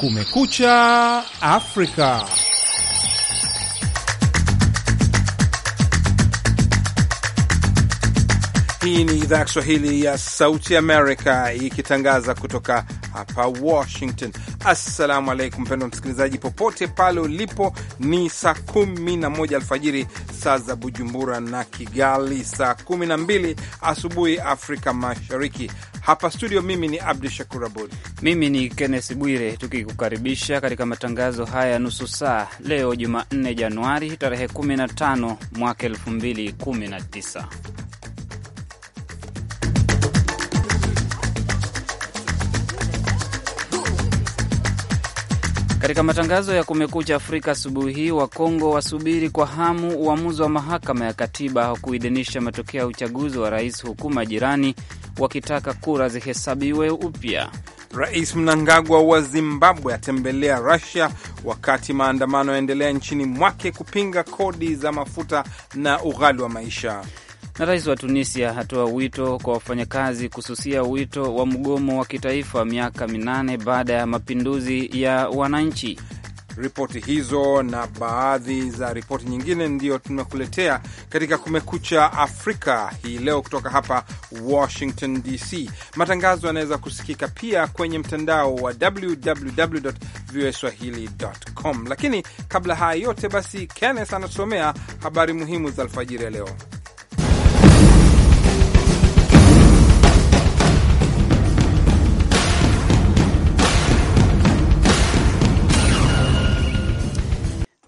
Kumekucha Afrika. Hii ni idhaa ya Kiswahili ya Sauti Amerika ikitangaza kutoka hapa Washington. Assalamu alaikum, mpendwa msikilizaji, popote pale ulipo. Ni saa 11 alfajiri saa za Bujumbura na Kigali, saa 12 asubuhi Afrika Mashariki. Hapa studio mimi ni Abdu Shakur Abud, mimi ni Kennes Bwire, tukikukaribisha katika matangazo haya ya nusu saa leo Jumanne Januari tarehe 15 mwaka 2019. Katika matangazo ya Kumekucha Afrika asubuhi hii, Wakongo wasubiri kwa hamu uamuzi wa mahakama ya katiba wa kuidhinisha matokeo ya uchaguzi wa rais, huku majirani wakitaka kura zihesabiwe upya. Rais Mnangagwa wa Zimbabwe atembelea Rusia wakati maandamano yaendelea nchini mwake kupinga kodi za mafuta na ughali wa maisha. Na rais wa Tunisia hatoa wito kwa wafanyakazi kususia wito wa mgomo wa kitaifa miaka minane baada ya mapinduzi ya wananchi. Ripoti hizo na baadhi za ripoti nyingine ndiyo tumekuletea katika Kumekucha Afrika hii leo kutoka hapa Washington DC. Matangazo yanaweza kusikika pia kwenye mtandao wa www voa swahili.com, lakini kabla haya yote, basi Kennes anatusomea habari muhimu za alfajiri ya leo.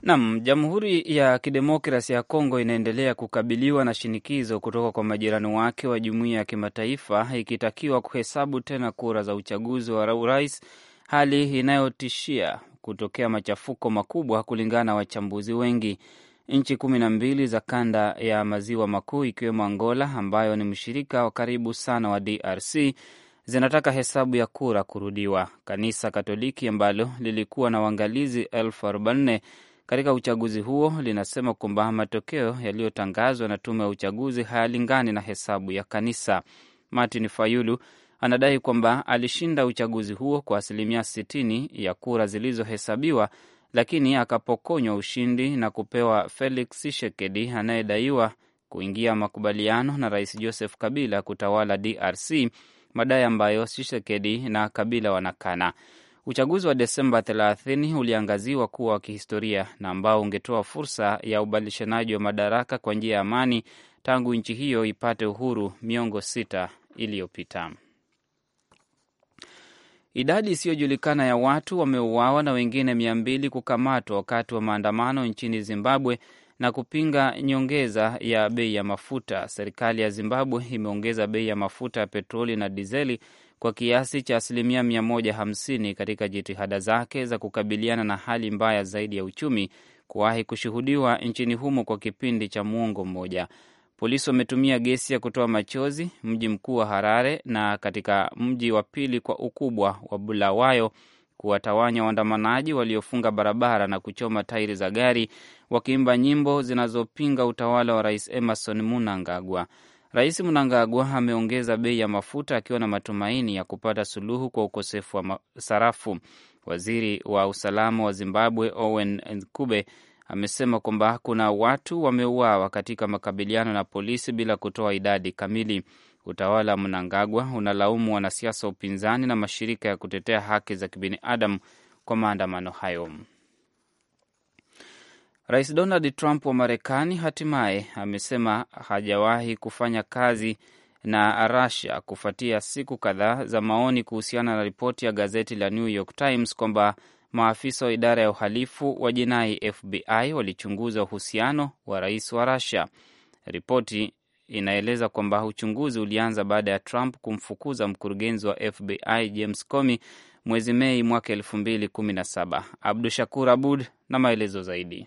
Nam, Jamhuri ya Kidemokrasi ya Kongo inaendelea kukabiliwa na shinikizo kutoka kwa majirani wake wa jumuiya ya kimataifa ikitakiwa kuhesabu tena kura za uchaguzi wa urais, hali inayotishia kutokea machafuko makubwa, kulingana na wachambuzi wengi. Nchi kumi na mbili za kanda ya maziwa makuu ikiwemo Angola ambayo ni mshirika wa karibu sana wa DRC zinataka hesabu ya kura kurudiwa. Kanisa Katoliki ambalo lilikuwa na waangalizi elfu arobaini katika uchaguzi huo linasema kwamba matokeo yaliyotangazwa na tume ya uchaguzi hayalingani na hesabu ya kanisa. Martin Fayulu anadai kwamba alishinda uchaguzi huo kwa asilimia 60 ya kura zilizohesabiwa, lakini akapokonywa ushindi na kupewa Felix Tshisekedi anayedaiwa kuingia makubaliano na Rais Joseph Kabila kutawala DRC, madai ambayo Tshisekedi na Kabila wanakana. Uchaguzi wa Desemba 30 uliangaziwa kuwa wa kihistoria na ambao ungetoa fursa ya ubadilishanaji wa madaraka kwa njia ya amani tangu nchi hiyo ipate uhuru miongo sita iliyopita. Idadi isiyojulikana ya watu wameuawa na wengine mia mbili kukamatwa wakati wa maandamano nchini Zimbabwe na kupinga nyongeza ya bei ya mafuta. Serikali ya Zimbabwe imeongeza bei ya mafuta ya petroli na dizeli kwa kiasi cha asilimia 150 katika jitihada zake za kukabiliana na hali mbaya zaidi ya uchumi kuwahi kushuhudiwa nchini humo kwa kipindi cha muongo mmoja. Polisi wametumia gesi ya kutoa machozi mji mkuu wa Harare na katika mji wa pili kwa ukubwa wa Bulawayo kuwatawanya waandamanaji waliofunga barabara na kuchoma tairi za gari wakiimba nyimbo zinazopinga utawala wa Rais Emerson Mnangagwa. Rais Mnangagwa ameongeza bei ya mafuta akiwa na matumaini ya kupata suluhu kwa ukosefu wa sarafu. Waziri wa usalama wa Zimbabwe Owen Ncube amesema kwamba kuna watu wameuawa katika makabiliano na polisi bila kutoa idadi kamili. Utawala wa Mnangagwa unalaumu wanasiasa wa upinzani na mashirika ya kutetea haki za kibinadamu kwa maandamano hayo. Rais Donald Trump wa Marekani hatimaye amesema hajawahi kufanya kazi na Russia kufuatia siku kadhaa za maoni kuhusiana na ripoti ya gazeti la New York Times kwamba maafisa wa idara ya uhalifu wa jinai FBI walichunguza uhusiano wa rais wa Russia. Ripoti inaeleza kwamba uchunguzi ulianza baada ya Trump kumfukuza mkurugenzi wa FBI James Comey mwezi Mei mwaka elfu mbili kumi na saba. Abdu Shakur Abud na maelezo zaidi.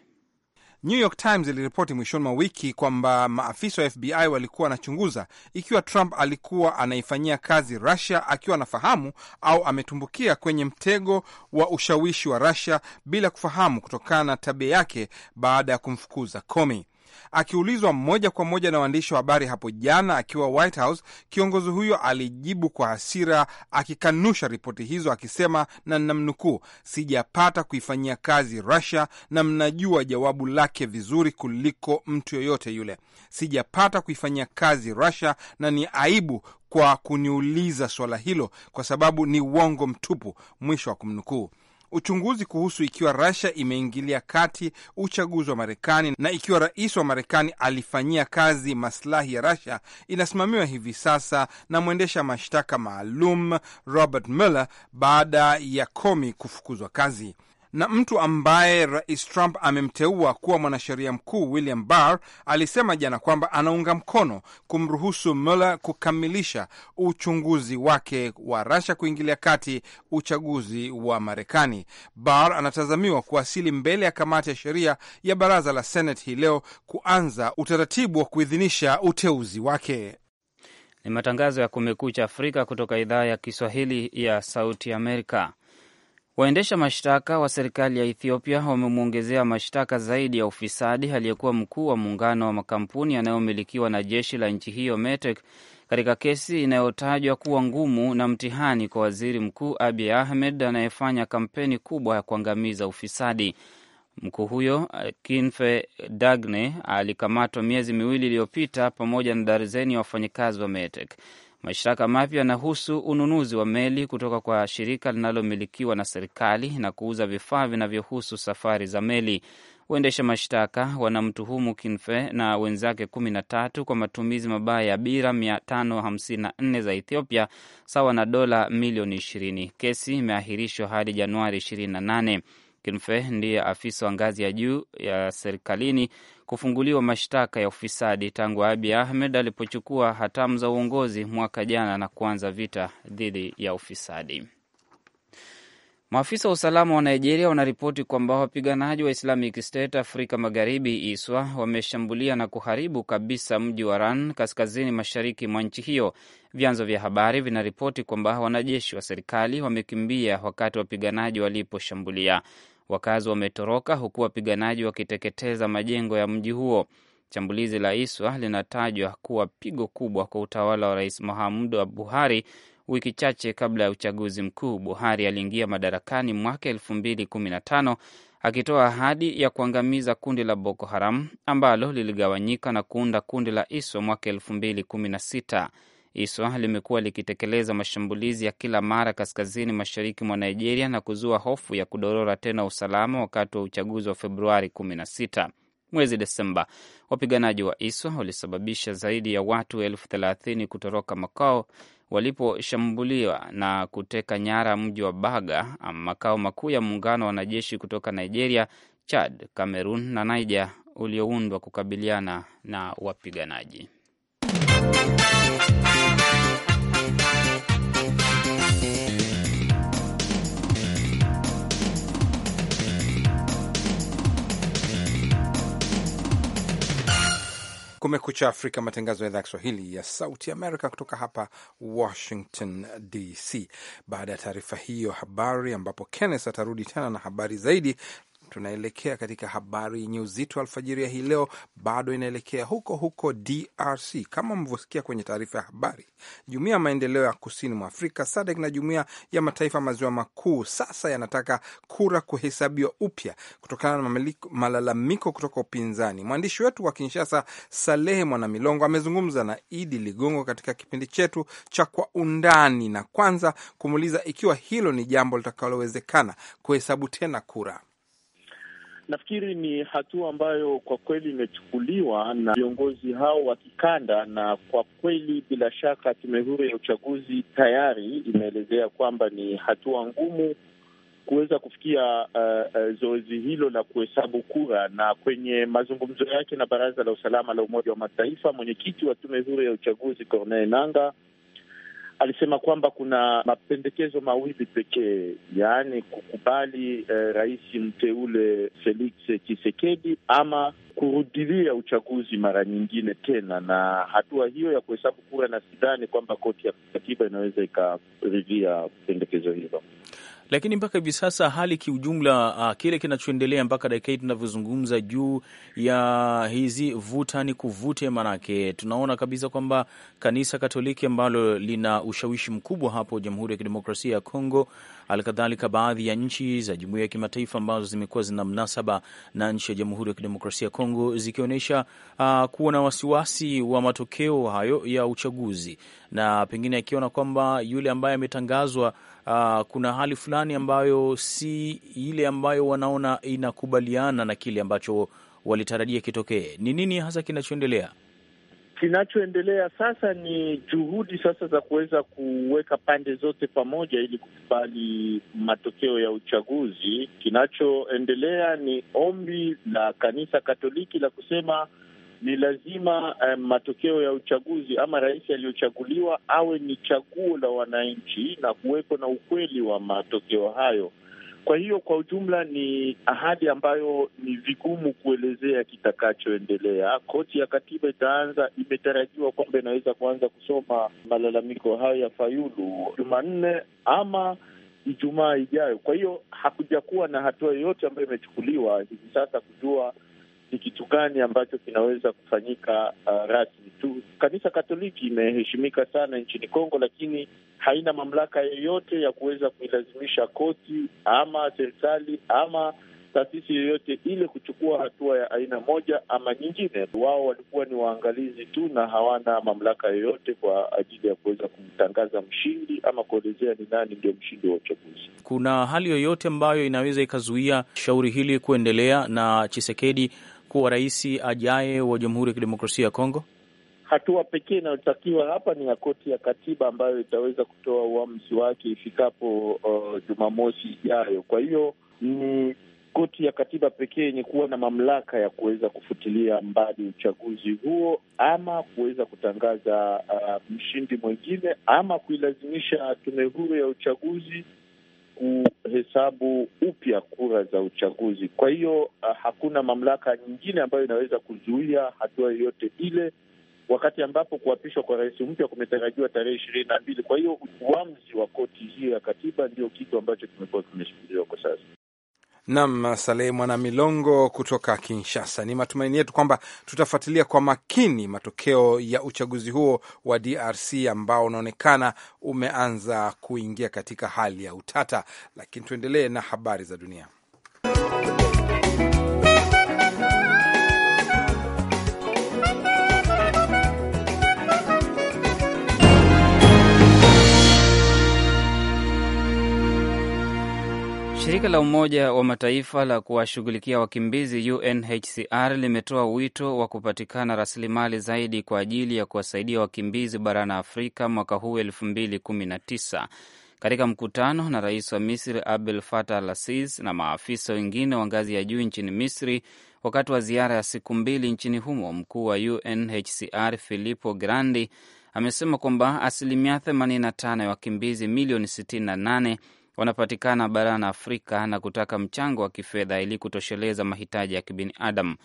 New York Times iliripoti mwishoni mwa wiki kwamba maafisa wa FBI walikuwa wanachunguza ikiwa Trump alikuwa anaifanyia kazi Russia akiwa anafahamu au ametumbukia kwenye mtego wa ushawishi wa Russia bila kufahamu, kutokana na tabia yake baada ya kumfukuza Comey. Akiulizwa moja kwa moja na waandishi wa habari hapo jana akiwa White House, kiongozi huyo alijibu kwa hasira akikanusha ripoti hizo akisema, na namnukuu, sijapata kuifanyia kazi Russia na mnajua jawabu lake vizuri kuliko mtu yoyote yule. Sijapata kuifanyia kazi Russia na ni aibu kwa kuniuliza swala hilo kwa sababu ni uongo mtupu, mwisho wa kumnukuu uchunguzi kuhusu ikiwa Russia imeingilia kati uchaguzi wa Marekani na ikiwa rais wa Marekani alifanyia kazi maslahi ya Russia inasimamiwa hivi sasa na mwendesha mashtaka maalum Robert Mueller baada ya Comey kufukuzwa kazi na mtu ambaye Rais Trump amemteua kuwa mwanasheria mkuu William Barr alisema jana kwamba anaunga mkono kumruhusu Mueller kukamilisha uchunguzi wake wa Rasha kuingilia kati uchaguzi wa Marekani. Barr anatazamiwa kuwasili mbele ya kamati ya sheria ya baraza la Senate hii leo kuanza utaratibu wa kuidhinisha uteuzi wake. Ni matangazo ya Kumekucha Afrika kutoka idhaa ya Kiswahili ya Sauti Amerika. Waendesha mashtaka wa serikali ya Ethiopia wamemwongezea mashtaka zaidi ya ufisadi aliyekuwa mkuu wa muungano wa makampuni yanayomilikiwa na jeshi la nchi hiyo METEK katika kesi inayotajwa kuwa ngumu na mtihani kwa waziri mkuu Abiy Ahmed anayefanya kampeni kubwa ya kuangamiza ufisadi. Mkuu huyo kinfe Dagne alikamatwa miezi miwili iliyopita pamoja na darzeni ya wafanyakazi wa METEK. Mashtaka mapya yanahusu ununuzi wa meli kutoka kwa shirika linalomilikiwa na serikali na kuuza vifaa vinavyohusu safari za meli. Waendesha mashtaka wanamtuhumu Kinfe na wenzake kumi na tatu kwa matumizi mabaya ya bira 554 za Ethiopia sawa na dola milioni 20. Kesi imeahirishwa hadi Januari 28. Kinfe ndiye afisa wa ngazi ya juu ya serikalini kufunguliwa mashtaka ya ufisadi tangu Abiy Ahmed alipochukua hatamu za uongozi mwaka jana na kuanza vita dhidi ya ufisadi. Maafisa wa usalama wa Nigeria wanaripoti kwamba wapiganaji wa Islamic State Afrika Magharibi ISWA wameshambulia na kuharibu kabisa mji wa Ran kaskazini mashariki mwa nchi hiyo. Vyanzo vya habari vinaripoti kwamba wanajeshi wa serikali wamekimbia wakati wapiganaji waliposhambulia. Wakazi wametoroka huku wapiganaji wakiteketeza majengo ya mji huo. Shambulizi la ISWA linatajwa kuwa pigo kubwa kwa utawala wa Rais Muhammadu Buhari wiki chache kabla ya uchaguzi mkuu. Buhari aliingia madarakani mwaka elfu mbili kumi na tano akitoa ahadi ya kuangamiza kundi la Boko Haram ambalo liligawanyika na kuunda kundi la ISWA mwaka elfu mbili kumi na sita. ISWA limekuwa likitekeleza mashambulizi ya kila mara kaskazini mashariki mwa Nigeria na kuzua hofu ya kudorora tena usalama wakati wa uchaguzi wa Februari 16. Mwezi Desemba, wapiganaji wa ISWA walisababisha zaidi ya watu elfu thelathini kutoroka makao waliposhambuliwa na kuteka nyara mji wa Baga, makao makuu ya muungano wa wanajeshi kutoka Nigeria, Chad, Cameroon na Niger ulioundwa kukabiliana na wapiganaji. Kumekucha Afrika, matangazo ya idhaa ya Kiswahili ya Sauti Amerika kutoka hapa Washington DC. Baada ya taarifa hiyo habari, ambapo Kenneth atarudi tena na habari zaidi tunaelekea katika habari yenye uzito alfajiri ya hii leo, bado inaelekea huko huko DRC. Kama mlivyosikia kwenye taarifa ya habari, jumuiya ya maendeleo ya kusini mwa Afrika SADC na jumuiya ya mataifa maziwa makuu sasa yanataka kura kuhesabiwa upya kutokana na malalamiko kutoka upinzani. Mwandishi wetu wa Kinshasa, Salehe Mwanamilongo, amezungumza na Idi Ligongo katika kipindi chetu cha Kwa Undani, na kwanza kumuuliza ikiwa hilo ni jambo litakalowezekana kuhesabu tena kura. Nafikiri ni hatua ambayo kwa kweli imechukuliwa na viongozi hao wa kikanda, na kwa kweli bila shaka tume huru ya uchaguzi tayari imeelezea kwamba ni hatua ngumu kuweza kufikia uh, uh, zoezi hilo la kuhesabu kura. Na kwenye mazungumzo yake na Baraza la Usalama la Umoja wa Mataifa, mwenyekiti wa tume huru ya uchaguzi Corneille Nanga alisema kwamba kuna mapendekezo mawili pekee, yaani kukubali eh, rais mteule Felix chisekedi ama kurudilia uchaguzi mara nyingine tena, na hatua hiyo ya kuhesabu kura, na sidhani kwamba koti ya katiba inaweza ikaridhia pendekezo hilo. Lakini mpaka hivi sasa hali kiujumla, uh, kile kinachoendelea mpaka dakika hii tunavyozungumza juu ya hizi vuta ni kuvute, manake tunaona kabisa kwamba kanisa Katoliki ambalo lina ushawishi mkubwa hapo Jamhuri ya Kidemokrasia ya Kongo, halikadhalika baadhi ya nchi za jumuiya ya kimataifa ambazo zimekuwa zina mnasaba na nchi ya Jamhuri ya Kidemokrasia ya Kongo zikionyesha uh, kuwa na wasiwasi wa matokeo hayo ya uchaguzi na pengine akiona kwamba yule ambaye ametangazwa uh, kuna hali fulani ambayo si ile ambayo wanaona inakubaliana na kile ambacho walitarajia kitokee. Ni nini hasa kinachoendelea? Kinachoendelea sasa ni juhudi sasa za kuweza kuweka pande zote pamoja ili kukubali matokeo ya uchaguzi. Kinachoendelea ni ombi la kanisa Katoliki la kusema ni lazima um, matokeo ya uchaguzi ama rais aliyochaguliwa awe ni chaguo la wananchi na kuwepo na ukweli wa matokeo hayo. Kwa hiyo kwa ujumla ni ahadi ambayo ni vigumu kuelezea kitakachoendelea. Koti ya katiba itaanza, imetarajiwa kwamba inaweza kuanza kusoma malalamiko hayo ya Fayulu Jumanne ama Ijumaa ijayo. Kwa hiyo hakujakuwa na hatua yoyote ambayo imechukuliwa hivi sasa kujua ni kitu gani ambacho kinaweza kufanyika uh, rasmi tu. Kanisa Katoliki imeheshimika sana nchini Kongo, lakini haina mamlaka yoyote ya kuweza kuilazimisha koti ama serikali ama taasisi yoyote ile kuchukua hatua ya aina moja ama nyingine. Wao walikuwa ni waangalizi tu na hawana mamlaka yoyote kwa ajili ya kuweza kumtangaza mshindi ama kuelezea ni nani ndio mshindi wa uchaguzi. Kuna hali yoyote ambayo inaweza ikazuia shauri hili kuendelea na Chisekedi kuwa rais ajaye wa Jamhuri ya Kidemokrasia ya Kongo? Hatua pekee inayotakiwa hapa ni ya koti ya katiba ambayo itaweza kutoa uamuzi wake ifikapo uh, Jumamosi ijayo. Kwa hiyo ni koti ya katiba pekee yenye kuwa na mamlaka ya kuweza kufutilia mbali uchaguzi huo ama kuweza kutangaza uh, mshindi mwingine ama kuilazimisha tume huru ya uchaguzi kuhesabu upya kura za uchaguzi. Kwa hiyo ah, hakuna mamlaka nyingine ambayo inaweza kuzuia hatua yoyote ile, wakati ambapo kuapishwa kwa rais mpya kumetarajiwa tarehe ishirini na mbili. Kwa hiyo uamuzi wa koti hiyo ya katiba ndio kitu ambacho kimekuwa kimeshikiliwa kwa sasa. Nam Saleh Mwana Milongo kutoka Kinshasa. Ni matumaini yetu kwamba tutafuatilia kwa makini matokeo ya uchaguzi huo wa DRC ambao unaonekana umeanza kuingia katika hali ya utata, lakini tuendelee na habari za dunia. Shirika la Umoja wa Mataifa la kuwashughulikia wakimbizi UNHCR limetoa wito wa kupatikana rasilimali zaidi kwa ajili ya kuwasaidia wakimbizi barani Afrika mwaka huu 2019. Katika mkutano na rais wa Misri Abdel Fattah al-Sisi na maafisa wengine wa ngazi ya juu nchini Misri wakati wa ziara ya siku mbili nchini humo, mkuu wa UNHCR Filippo Grandi amesema kwamba asilimia 85 ya wakimbizi milioni 68 wanapatikana barani Afrika na kutaka mchango wa kifedha ili kutosheleza mahitaji ya kibinadamu.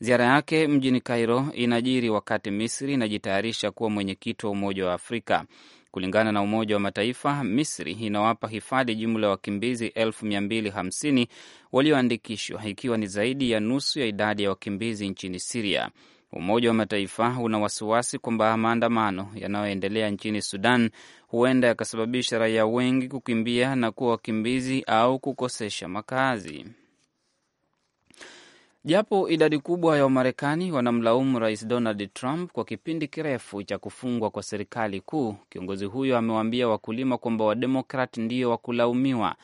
Ziara yake mjini Cairo inajiri wakati Misri inajitayarisha kuwa mwenyekiti wa Umoja wa Afrika. Kulingana na Umoja wa Mataifa, Misri inawapa hifadhi jumla ya wakimbizi 250 walioandikishwa, ikiwa ni zaidi ya nusu ya idadi ya wakimbizi nchini Siria. Umoja wa Mataifa una wasiwasi kwamba maandamano yanayoendelea nchini Sudan huenda yakasababisha raia wengi kukimbia na kuwa wakimbizi au kukosesha makazi. Japo idadi kubwa ya Wamarekani wanamlaumu Rais Donald Trump kwa kipindi kirefu cha kufungwa kwa serikali kuu, kiongozi huyo amewaambia wakulima kwamba Wademokrat ndio wakulaumiwa.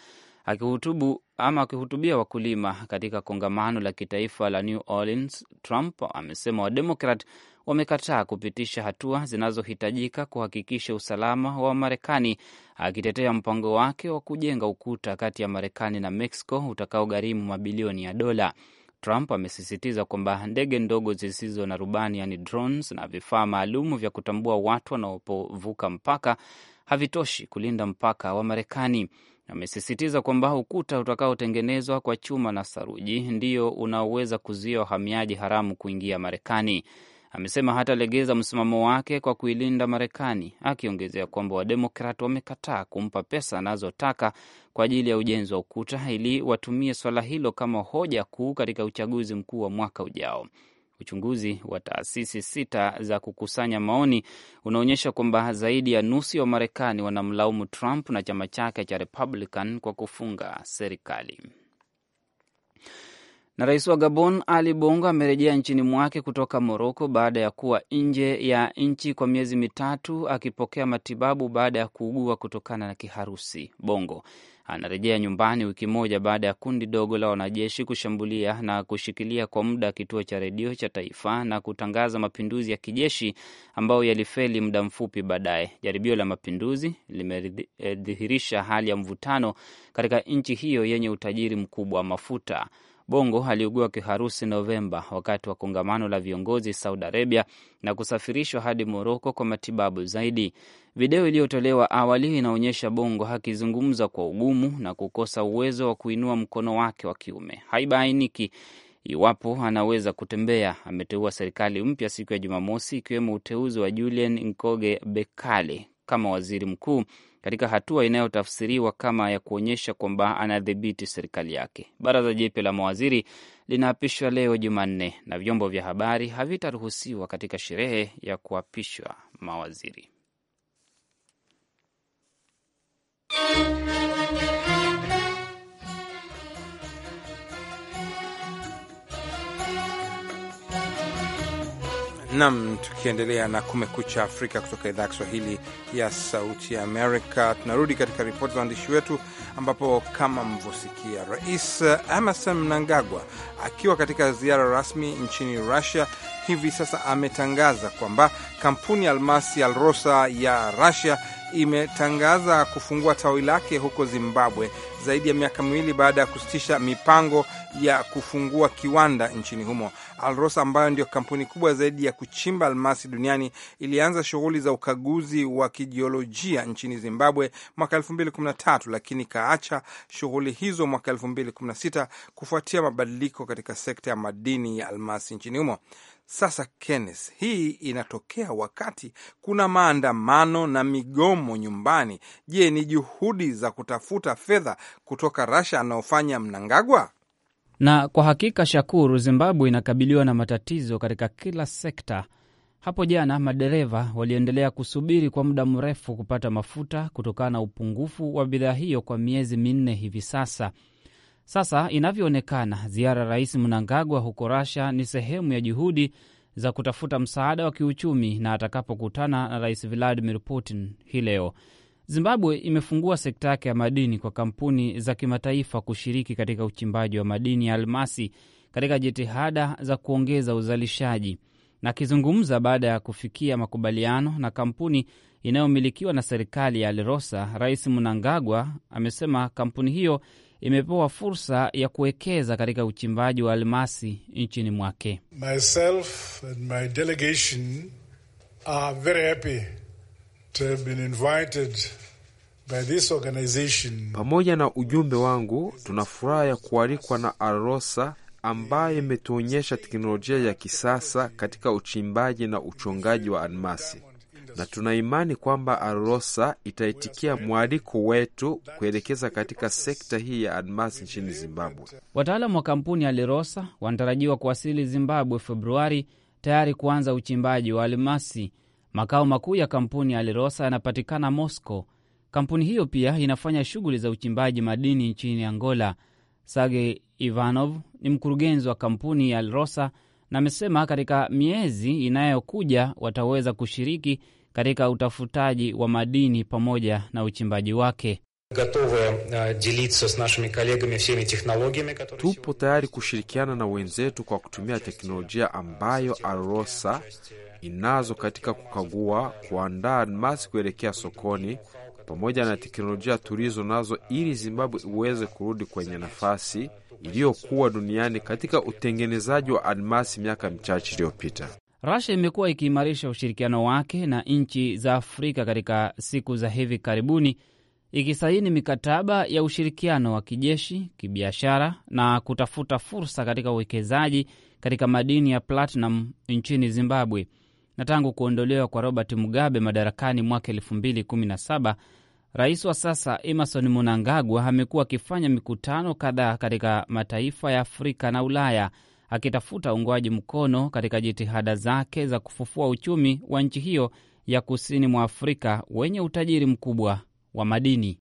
Akihutubu ama akihutubia wakulima katika kongamano la kitaifa la New Orleans, Trump amesema Wademokrat wamekataa kupitisha hatua zinazohitajika kuhakikisha usalama wa Marekani, akitetea mpango wake wa kujenga ukuta kati ya Marekani na Mexico utakaogharimu mabilioni ya dola. Trump amesisitiza kwamba ndege ndogo zisizo na rubani, yani drones, na vifaa maalumu vya kutambua watu wanaopovuka mpaka havitoshi kulinda mpaka wa Marekani. Amesisitiza kwamba ukuta utakaotengenezwa kwa chuma na saruji ndio unaoweza kuzuia wahamiaji haramu kuingia Marekani. Amesema hatalegeza msimamo wake kwa kuilinda Marekani, akiongezea kwamba Wademokrat wamekataa kumpa pesa anazotaka kwa ajili ya ujenzi wa ukuta ili watumie swala hilo kama hoja kuu katika uchaguzi mkuu wa mwaka ujao. Uchunguzi wa taasisi sita za kukusanya maoni unaonyesha kwamba zaidi ya nusu ya Wamarekani wanamlaumu Trump na chama chake cha Republican kwa kufunga serikali. Na rais wa Gabon Ali Bongo amerejea nchini mwake kutoka Moroko baada ya kuwa nje ya nchi kwa miezi mitatu akipokea matibabu baada ya kuugua kutokana na kiharusi. Bongo anarejea nyumbani wiki moja baada ya kundi dogo la wanajeshi kushambulia na kushikilia kwa muda kituo cha redio cha taifa na kutangaza mapinduzi ya kijeshi ambayo yalifeli muda mfupi baadaye. Jaribio la mapinduzi limedhihirisha hali ya mvutano katika nchi hiyo yenye utajiri mkubwa wa mafuta. Bongo aliugua kiharusi Novemba wakati wa kongamano la viongozi Saudi Arabia na kusafirishwa hadi Moroko kwa matibabu zaidi. Video iliyotolewa awali inaonyesha Bongo akizungumza kwa ugumu na kukosa uwezo wa kuinua mkono wake wa kiume. Haibainiki iwapo anaweza kutembea. Ameteua serikali mpya siku ya Jumamosi, ikiwemo uteuzi wa Julien Nkoge Bekale kama waziri mkuu katika hatua inayotafsiriwa kama ya kuonyesha kwamba anadhibiti serikali yake. Baraza jipya la mawaziri linaapishwa leo Jumanne, na vyombo vya habari havitaruhusiwa katika sherehe ya kuapishwa mawaziri. Nam, tukiendelea na Kumekucha Afrika kutoka idhaa ya Kiswahili ya Sauti ya Amerika, tunarudi katika ripoti za waandishi wetu, ambapo kama mlivyosikia, Rais Emmerson Mnangagwa akiwa katika ziara rasmi nchini Russia hivi sasa ametangaza kwamba kampuni ya almasi Alrosa ya Russia imetangaza kufungua tawi lake huko Zimbabwe zaidi ya miaka miwili baada ya kusitisha mipango ya kufungua kiwanda nchini humo. Alros ambayo ndio kampuni kubwa zaidi ya kuchimba almasi duniani ilianza shughuli za ukaguzi wa kijiolojia nchini Zimbabwe mwaka 2013 lakini ikaacha shughuli hizo mwaka 2016 kufuatia mabadiliko katika sekta ya madini ya almasi nchini humo. Sasa Kennes, hii inatokea wakati kuna maandamano na migomo nyumbani. Je, ni juhudi za kutafuta fedha kutoka rasha anaofanya Mnangagwa? Na kwa hakika, Shakuru, Zimbabwe inakabiliwa na matatizo katika kila sekta. Hapo jana madereva waliendelea kusubiri kwa muda mrefu kupata mafuta kutokana na upungufu wa bidhaa hiyo kwa miezi minne hivi sasa. Sasa inavyoonekana, ziara ya Rais Mnangagwa huko Rasha ni sehemu ya juhudi za kutafuta msaada wa kiuchumi na atakapokutana na Rais Vladimir Putin hii leo. Zimbabwe imefungua sekta yake ya madini kwa kampuni za kimataifa kushiriki katika uchimbaji wa madini ya almasi katika jitihada za kuongeza uzalishaji. Na akizungumza baada ya kufikia makubaliano na kampuni inayomilikiwa na serikali ya Alrosa, Rais Mnangagwa amesema kampuni hiyo imepewa fursa ya kuwekeza katika uchimbaji wa almasi nchini mwake. Myself and my delegation are very happy to have been invited by this organization. Pamoja na ujumbe wangu, tuna furaha ya kualikwa na arosa ambayo imetuonyesha teknolojia ya kisasa katika uchimbaji na uchongaji wa almasi na tuna imani kwamba Arosa itaitikia mwaliko wetu kuelekeza katika sekta hii ya almasi nchini Zimbabwe. wataalam wa kampuni ya Lerosa wanatarajiwa kuwasili Zimbabwe Februari, tayari kuanza uchimbaji wa almasi. Makao makuu ya kampuni ya Lerosa yanapatikana Moscow. Kampuni hiyo pia inafanya shughuli za uchimbaji madini nchini Angola. Sergey Ivanov ni mkurugenzi wa kampuni ya Lerosa na amesema katika miezi inayokuja wataweza kushiriki katika utafutaji wa madini pamoja na uchimbaji wake. Э, Tupo tayari kushirikiana na wenzetu kwa kutumia teknolojia ambayo arosa inazo katika kukagua, kuandaa almasi kuelekea sokoni, pamoja na teknolojia tulizo nazo, ili Zimbabwe iweze kurudi kwenye nafasi iliyokuwa duniani katika utengenezaji wa almasi miaka michache iliyopita rusia imekuwa ikiimarisha ushirikiano wake na nchi za Afrika katika siku za hivi karibuni, ikisaini mikataba ya ushirikiano wa kijeshi, kibiashara na kutafuta fursa katika uwekezaji katika madini ya platinum nchini Zimbabwe. Na tangu kuondolewa kwa Robert Mugabe madarakani mwaka 2017 rais wa sasa Emerson Mnangagwa amekuwa akifanya mikutano kadhaa katika mataifa ya Afrika na Ulaya akitafuta uungwaji mkono katika jitihada zake za kufufua uchumi wa nchi hiyo ya kusini mwa Afrika wenye utajiri mkubwa wa madini.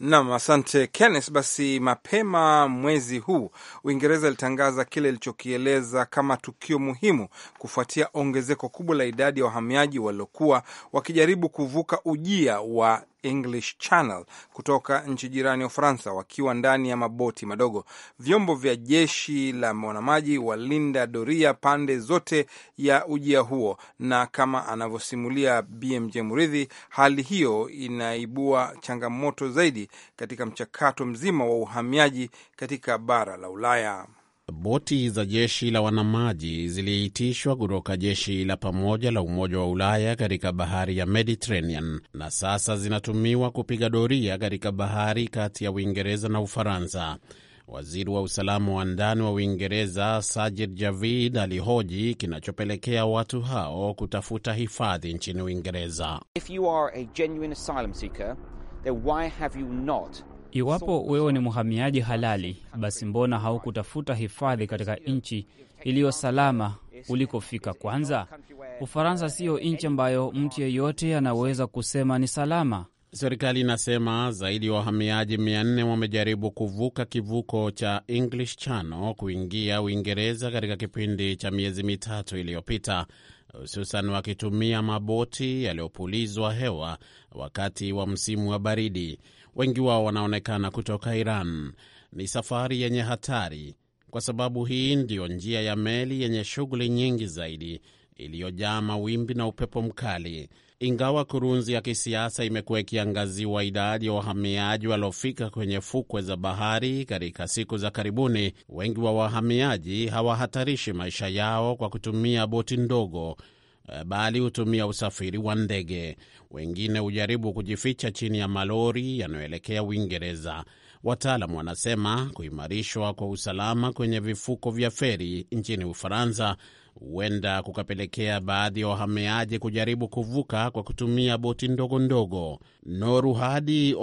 Nam, asante Kenneth. Basi mapema mwezi huu Uingereza ilitangaza kile ilichokieleza kama tukio muhimu kufuatia ongezeko kubwa la idadi ya wahamiaji waliokuwa wakijaribu kuvuka ujia wa English Channel kutoka nchi jirani ya Ufaransa wakiwa ndani ya maboti madogo. Vyombo vya jeshi la wanamaji walinda doria pande zote ya ujia huo, na kama anavyosimulia BMJ Muridhi, hali hiyo inaibua changamoto zaidi katika mchakato mzima wa uhamiaji katika bara la Ulaya. Boti za jeshi la wanamaji ziliitishwa kutoka jeshi la pamoja la Umoja wa Ulaya katika bahari ya Mediterranean na sasa zinatumiwa kupiga doria katika bahari kati ya Uingereza na Ufaransa. Waziri wa usalama wa ndani wa Uingereza Sajid Javid alihoji kinachopelekea watu hao kutafuta hifadhi nchini Uingereza. If you are a genuine asylum seeker, then why have you not Iwapo wewe ni mhamiaji halali, basi mbona haukutafuta hifadhi katika nchi iliyo salama ulikofika kwanza? Ufaransa siyo nchi ambayo mtu yeyote anaweza kusema ni salama. Serikali inasema zaidi ya wahamiaji 400 wamejaribu kuvuka kivuko cha English Channel kuingia Uingereza katika kipindi cha miezi mitatu iliyopita, hususan wakitumia maboti yaliyopulizwa hewa wakati wa msimu wa baridi wengi wao wanaonekana kutoka Iran. Ni safari yenye hatari kwa sababu hii ndiyo njia ya meli yenye shughuli nyingi zaidi iliyojaa mawimbi na upepo mkali. Ingawa kurunzi ya kisiasa imekuwa ikiangaziwa idadi ya wahamiaji waliofika kwenye fukwe za bahari katika siku za karibuni, wengi wa wahamiaji hawahatarishi maisha yao kwa kutumia boti ndogo Eh, bali hutumia usafiri wa ndege. Wengine hujaribu kujificha chini ya malori yanayoelekea Uingereza. wataalam wanasema kuimarishwa kwa usalama kwenye vifuko vya feri nchini Ufaransa huenda kukapelekea baadhi ya wahamiaji kujaribu kuvuka kwa kutumia boti ndogo ndogo. Noru Hadi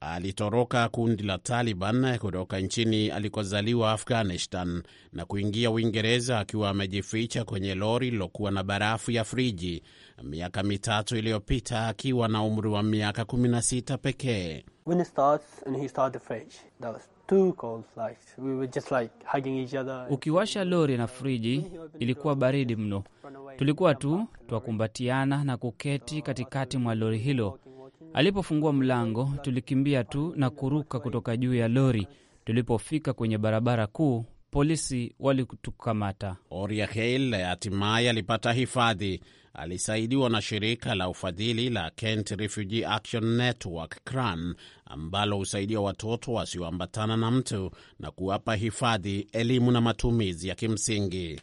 alitoroka kundi la Taliban kutoka nchini alikozaliwa Afghanistan na kuingia Uingereza akiwa amejificha kwenye lori lilokuwa na barafu ya friji miaka mitatu iliyopita akiwa na umri wa miaka 16 pekee. When it starts and he the fridge. That was Ukiwasha lori na friji, ilikuwa baridi mno. Tulikuwa tu twakumbatiana na kuketi katikati mwa lori hilo. Alipofungua mlango, tulikimbia tu na kuruka kutoka juu ya lori. Tulipofika kwenye barabara kuu, polisi walitukamata. Oria hatimaye alipata hifadhi alisaidiwa na shirika la ufadhili la Kent Refugee Action Network CRAN, ambalo husaidia watoto wasioambatana na mtu na kuwapa hifadhi, elimu na matumizi ya kimsingi.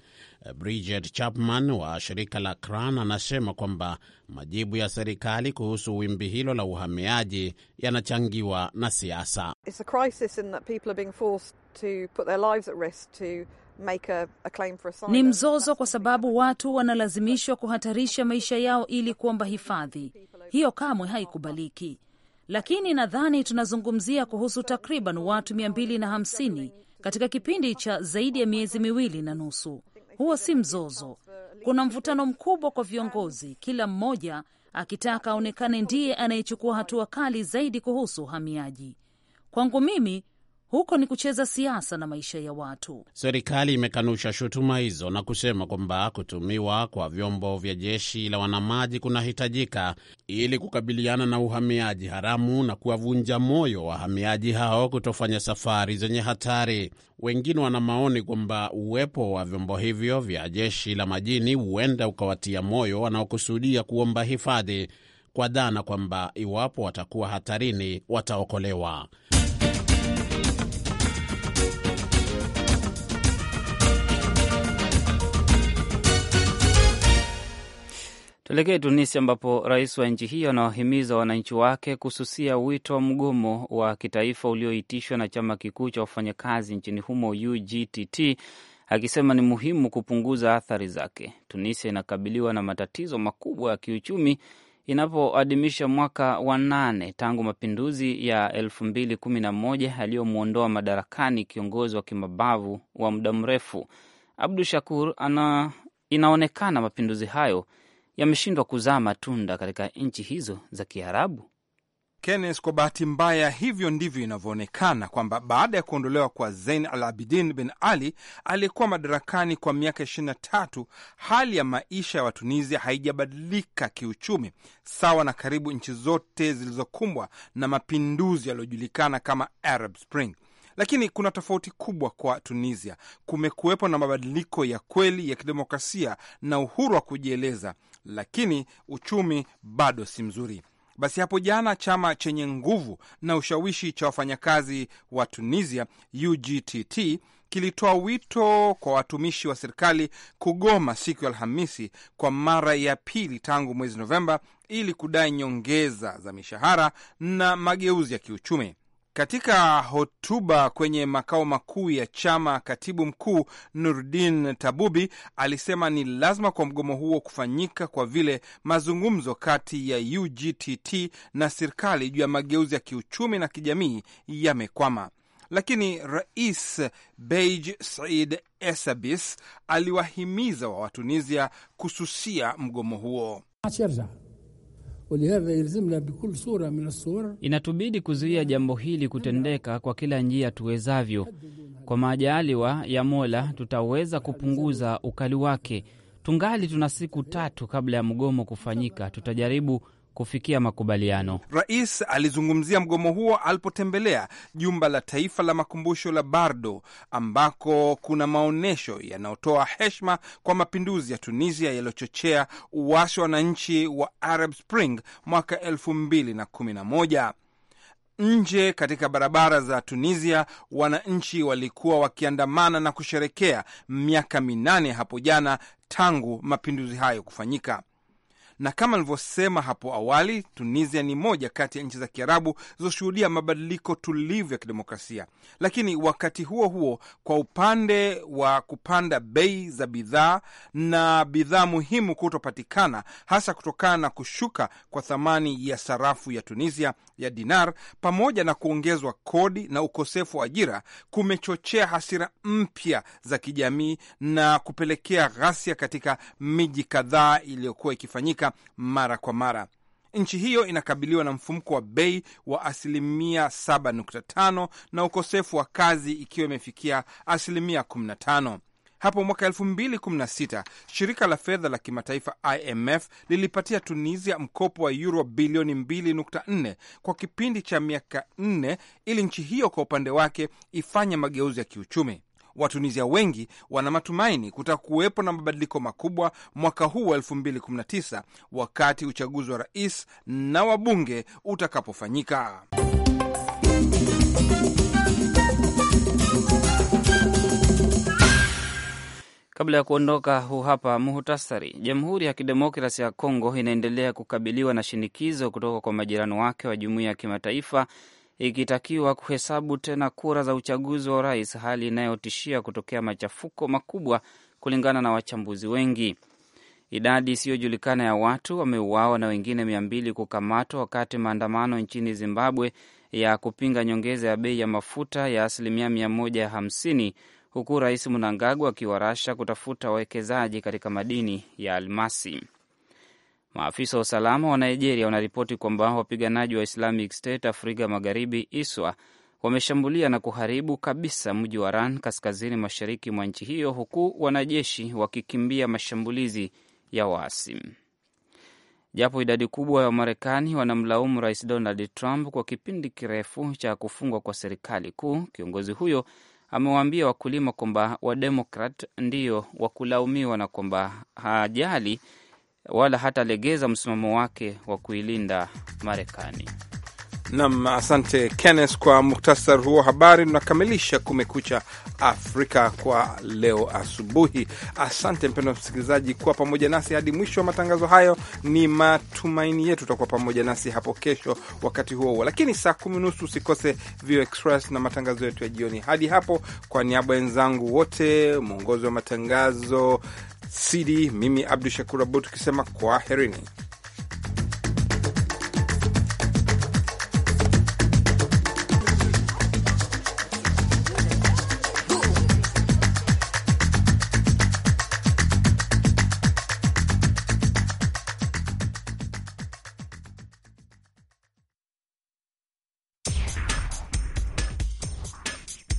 Bridget Chapman wa shirika la CRAN anasema kwamba majibu ya serikali kuhusu wimbi hilo la uhamiaji yanachangiwa na siasa make a, a claim for asylum. Ni mzozo kwa sababu watu wanalazimishwa kuhatarisha maisha yao ili kuomba hifadhi. Hiyo kamwe haikubaliki. Lakini nadhani tunazungumzia kuhusu takriban watu mia na hamsini katika kipindi cha zaidi ya miezi miwili na nusu. Huo si mzozo. Kuna mvutano mkubwa kwa viongozi, kila mmoja akitaka aonekane ndiye anayechukua hatua kali zaidi kuhusu uhamiaji. Kwangu mimi huko ni kucheza siasa na maisha ya watu. Serikali imekanusha shutuma hizo na kusema kwamba kutumiwa kwa vyombo vya jeshi la wanamaji kunahitajika ili kukabiliana na uhamiaji haramu na kuwavunja moyo wahamiaji hao kutofanya safari zenye hatari. Wengine wana maoni kwamba uwepo wa vyombo hivyo vya jeshi la majini huenda ukawatia moyo wanaokusudia kuomba hifadhi kwa dhana kwamba iwapo watakuwa hatarini wataokolewa. Tuelekee Tunisia ambapo rais wa nchi hiyo anawahimiza wananchi wake kususia wito wa mgomo wa kitaifa ulioitishwa na chama kikuu cha wafanyakazi nchini humo UGTT, akisema ni muhimu kupunguza athari zake. Tunisia inakabiliwa na matatizo makubwa ya kiuchumi inapoadhimisha mwaka wa nane tangu mapinduzi ya elfu mbili kumi na moja yaliyomwondoa madarakani kiongozi wa kimabavu wa muda mrefu Abdu Shakur ana. Inaonekana mapinduzi hayo yameshindwa kuzaa matunda katika nchi hizo za Kiarabu? Kennes, kwa bahati mbaya, hivyo ndivyo inavyoonekana kwamba baada ya kuondolewa kwa Zein Al Abidin bin Ali aliyekuwa madarakani kwa miaka 23, hali ya maisha ya Watunisia haijabadilika kiuchumi, sawa na karibu nchi zote zilizokumbwa na mapinduzi yaliyojulikana kama Arab Spring. Lakini kuna tofauti kubwa kwa Tunisia. Kumekuwepo na mabadiliko ya kweli ya kidemokrasia na uhuru wa kujieleza, lakini uchumi bado si mzuri. Basi hapo jana chama chenye nguvu na ushawishi cha wafanyakazi wa Tunisia UGTT kilitoa wito kwa watumishi wa serikali kugoma siku ya Alhamisi kwa mara ya pili tangu mwezi Novemba ili kudai nyongeza za mishahara na mageuzi ya kiuchumi. Katika hotuba kwenye makao makuu ya chama, katibu mkuu Nurdin Tabubi alisema ni lazima kwa mgomo huo kufanyika kwa vile mazungumzo kati ya UGTT na serikali juu ya mageuzi ya kiuchumi na kijamii yamekwama. Lakini Rais Beij Said Esabis aliwahimiza wa watunisia kususia mgomo huo. Inatubidi kuzuia jambo hili kutendeka kwa kila njia tuwezavyo. Kwa majaliwa ya Mola tutaweza kupunguza ukali wake. Tungali tuna siku tatu kabla ya mgomo kufanyika. Tutajaribu kufikia makubaliano. Rais alizungumzia mgomo huo alipotembelea jumba la taifa la makumbusho la Bardo ambako kuna maonyesho yanayotoa heshima kwa mapinduzi ya Tunisia yaliyochochea uwasi wa wananchi wa Arab Spring mwaka elfu mbili na kumi na moja. Nje katika barabara za Tunisia, wananchi walikuwa wakiandamana na kusherekea miaka minane hapo jana tangu mapinduzi hayo kufanyika. Na kama alivyosema hapo awali, Tunisia ni moja kati ya nchi za Kiarabu zilizoshuhudia mabadiliko tulivu ya kidemokrasia, lakini wakati huo huo, kwa upande wa kupanda bei za bidhaa na bidhaa muhimu kutopatikana, hasa kutokana na kushuka kwa thamani ya sarafu ya Tunisia ya dinar, pamoja na kuongezwa kodi na ukosefu wa ajira, kumechochea hasira mpya za kijamii na kupelekea ghasia katika miji kadhaa iliyokuwa ikifanyika mara kwa mara. Nchi hiyo inakabiliwa na mfumko wa bei wa asilimia 7.5 na ukosefu wa kazi ikiwa imefikia asilimia 15. Hapo mwaka 2016 shirika la fedha la kimataifa IMF lilipatia Tunisia mkopo wa euro bilioni 2.4 kwa kipindi cha miaka 4 ili nchi hiyo kwa upande wake ifanye mageuzi ya kiuchumi. Watunisia wengi wana matumaini kutakuwepo na mabadiliko makubwa mwaka huu wa 2019 wakati uchaguzi wa rais na wabunge utakapofanyika. Kabla ya kuondoka, huu hapa muhutasari. Jamhuri ya Kidemokrasi ya Kongo inaendelea kukabiliwa na shinikizo kutoka kwa majirani wake wa jumuiya ya kimataifa ikitakiwa kuhesabu tena kura za uchaguzi wa urais, hali inayotishia kutokea machafuko makubwa, kulingana na wachambuzi wengi. Idadi isiyojulikana ya watu wameuawa na wengine mia mbili kukamatwa wakati maandamano nchini Zimbabwe ya kupinga nyongeza ya bei ya mafuta ya asilimia mia moja hamsini huku Rais Mnangagwa akiwa Rasha kutafuta wawekezaji katika madini ya almasi. Maafisa wa usalama wa Nigeria wanaripoti kwamba wapiganaji wa Islamic State Afrika Magharibi ISWA wameshambulia na kuharibu kabisa mji wa Ran kaskazini mashariki mwa nchi hiyo, huku wanajeshi wakikimbia mashambulizi ya waasi. Japo idadi kubwa ya Wamarekani wanamlaumu Rais Donald Trump kwa kipindi kirefu cha kufungwa kwa serikali kuu, kiongozi huyo amewaambia wakulima kwamba Wademokrat ndio wakulaumiwa na kwamba hajali wala hatalegeza msimamo wake wa kuilinda Marekani. Nam, asante Kenneth kwa muktasar huo habari. Tunakamilisha Kumekucha Afrika kwa leo asubuhi. Asante mpendwa msikilizaji kuwa pamoja nasi hadi mwisho wa matangazo hayo. Ni matumaini yetu utakuwa pamoja nasi hapo kesho wakati huo huo, lakini saa kumi nusu usikose Vio Express na matangazo yetu ya jioni. Hadi hapo, kwa niaba wenzangu wote, mwongozi wa matangazo cd mimi Abdu Shakur Abud tukisema kwaherini.